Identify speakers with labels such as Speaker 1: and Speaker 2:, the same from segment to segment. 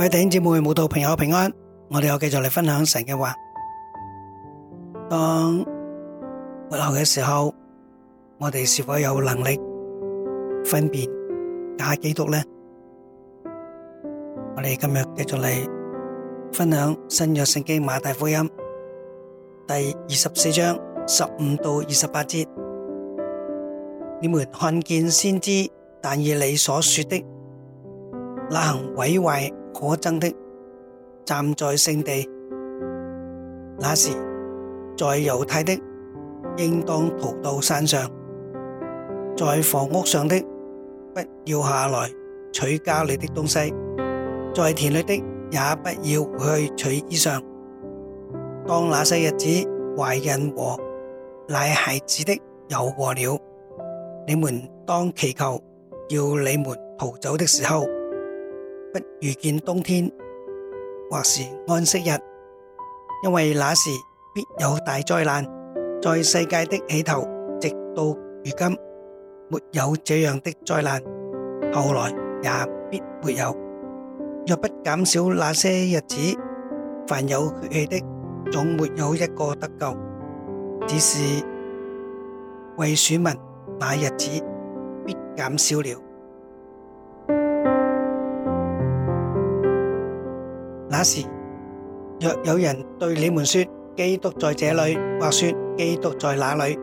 Speaker 1: 各位弟兄姊妹，午到，朋友平安。我哋又繼續嚟分享神嘅話。當末後嘅時候，我哋是否有能力分辨假基督呢？我哋今日繼續嚟分享新約聖經馬太福音第二十四章十五到二十八節：你們看見先知，但以理所說的那行毀壞。可憎的站在聖地，那時在猶太的，應當逃到山上；在房屋上的，不要下來取家裏的東西；在田裏的，也不要回去取衣裳。當那些日子懷孕和奶孩子的有和了，你們當祈求，要你們逃走的時候。不遇見冬天，或是安息日，因為那時必有大災難。在世界的起頭，直到如今沒有這樣的災難，後來也必沒有。若不減少那些日子，凡有血氣的總沒有一個得救只是為選民，那日子必減少了。那時，若有人對你們說基督在這裏，或說基督在那裏，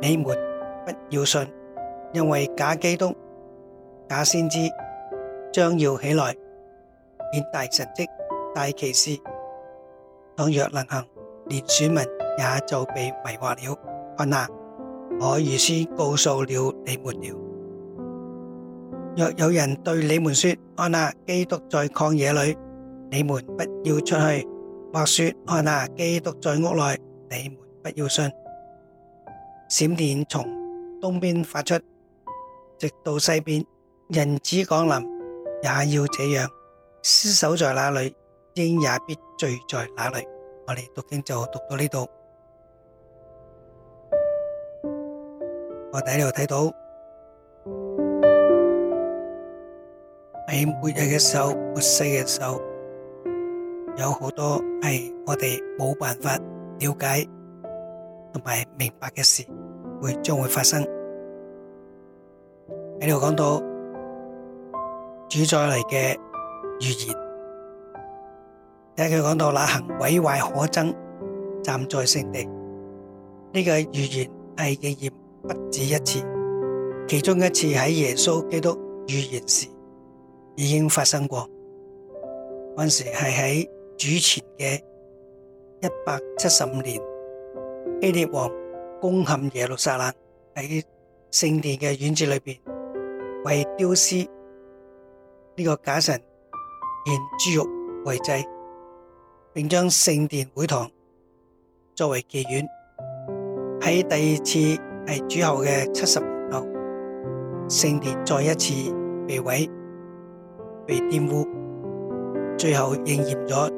Speaker 1: 你們不要信，因為假基督、假先知將要起來，顯大神蹟、大奇事，倘若能行，連選民也就被迷惑了。看哪，我預先告訴了你們了。若有人對你們說看哪，基督在曠野裏，你們不要出去，或說看哪，基督在屋內，你們不要信。閃電從東邊發出，直到西邊，人子降臨也要這樣。屍首在哪裏，鷹也必聚在哪裏。我哋讀經就讀到呢度，我哋喺呢度睇到喺末日嘅時候，末世嘅時候。有好多係我哋冇辦法了解同埋明白嘅事，會將會發生喺度講到主再嚟嘅預言，聽佢講到那行毀壞可憎站在聖地呢個預言係嘅驗不止一次，其中一次喺耶穌基督預言時已經發生過，嗰時係喺。主前嘅一百七十五年，希臘王攻陷耶路撒冷，喺聖殿嘅院子裏邊為宙斯呢個假神獻豬肉為祭，並將聖殿會堂作為妓院。喺第二次係主後嘅七十年後，聖殿再一次被毀，被玷污，最後應驗咗。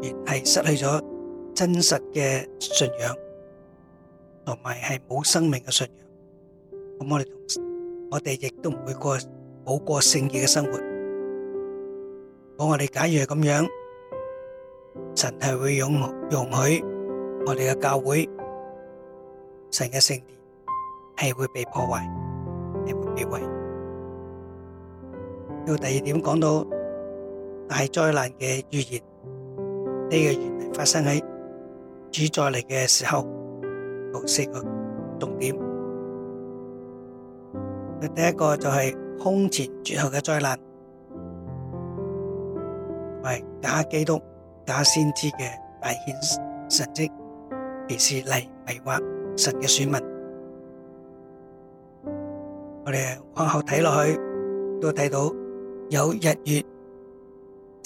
Speaker 1: 而係失去咗真實嘅信仰，同埋係冇生命嘅信仰。咁我哋我哋亦都唔會過冇過聖潔嘅生活。如果我哋假如係咁樣，神係會容容許我哋嘅教會，神嘅聖殿係會被破壞，係會被毀。到第二點講到大災難嘅預言。呢個原理發生喺主再嚟嘅時候，有四個重點。第一個就係空前絕後嘅災難，假基督、假先知嘅大顯神跡，其是嚟迷惑神嘅選民。我哋往後睇落去都睇到有日月。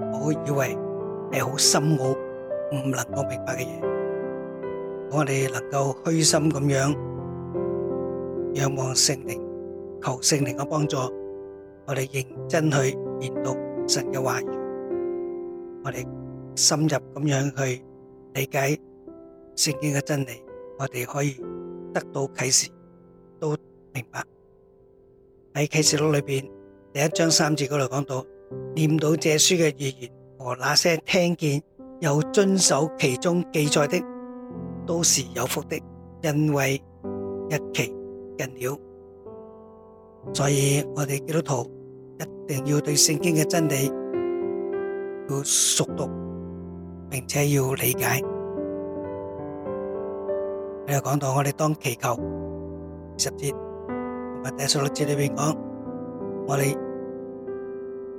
Speaker 1: 唔好以為係好深奧唔能夠明白嘅嘢，我哋能夠虛心咁樣仰望聖靈，求聖靈嘅幫助。我哋認真去研讀神嘅話語，我哋深入咁樣去理解聖經嘅真理，我哋可以得到啟示，都明白喺啟示錄裏邊第一章三節嗰度講到。念到這書嘅預言和那些聽見又遵守其中記載的，都是有福的，因為日期近了。所以我哋基督徒一定要對聖經嘅真理要熟讀，並且要理解。佢又講到我哋當祈求十節同埋第十六節裏面講我們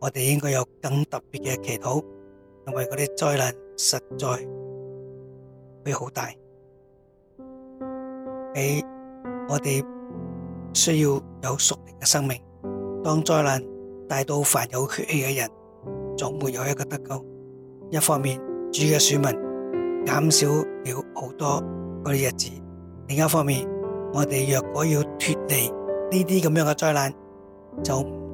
Speaker 1: 我哋應該有更特別嘅祈禱，因為嗰啲災難實在會好大，比我哋需要有屬靈嘅生命。當災難帶到凡有血氣嘅人，總冇有一個得救。一方面，主嘅選民減少咗好多嗰啲日子；另一方面，我哋若果要脫離呢啲咁樣嘅災難，就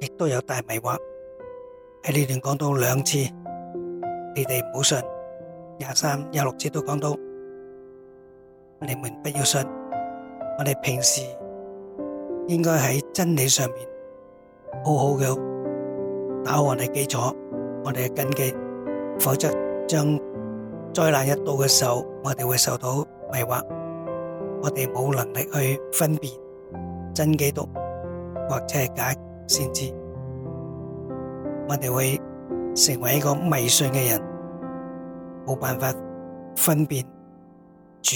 Speaker 1: 亦都有大迷惑，喺呢段講到兩次，你哋唔好信廿三廿六節都講到，你們不要信。我哋平時應該喺真理上面好好嘅打我哋基礎，我哋嘅根基，否則將災難一到嘅時候，我哋會受到迷惑，我哋冇能力去分辨真基督或者係假。先知，我哋會成為一個迷信嘅人，冇辦法分辨主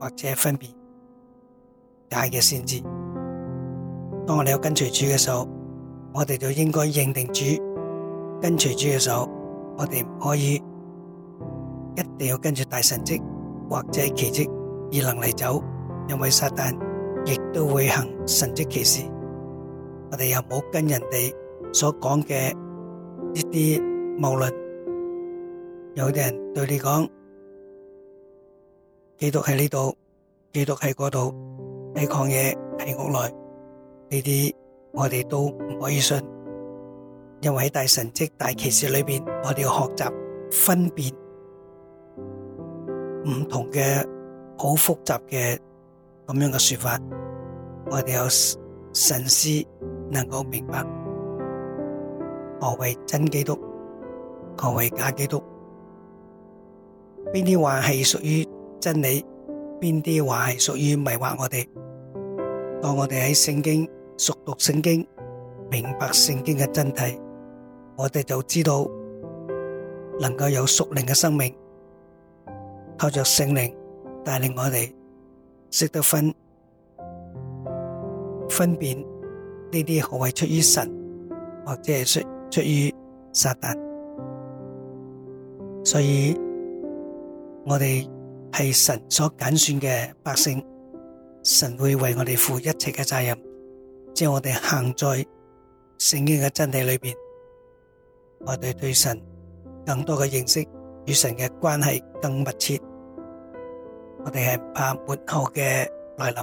Speaker 1: 或者分辨假嘅先知。當我哋要跟隨主嘅時候，我哋就應該認定主。跟隨主嘅時候，我哋唔可以一定要跟住大神跡或者奇跡而能嚟走，因為撒旦亦都會行神跡奇事。我哋又冇跟人哋所講嘅呢啲無論，有啲人對你講，基督喺呢度，基督喺嗰度，喺曠野，喺屋內呢啲，這我哋都唔可以信。因為喺大神跡、大奇事裏邊，我哋要學習分辨唔同嘅好複雜嘅咁樣嘅說法，我哋有神師。能夠明白何為真基督，何為假基督，邊啲話係屬於真理，邊啲話係屬於迷惑我哋。當我哋喺聖經，熟讀聖經，明白聖經嘅真諦，我哋就知道能夠有屬靈嘅生命，靠着聖靈帶領我哋識得分分辨。呢啲何謂出於神，或者係出出於撒旦？所以，我哋係神所揀選嘅百姓，神會為我哋負一切嘅責任。只要我哋行在聖經嘅真理裏邊，我哋對神更多嘅認識，與神嘅關係更密切。我哋係怕末後嘅來臨。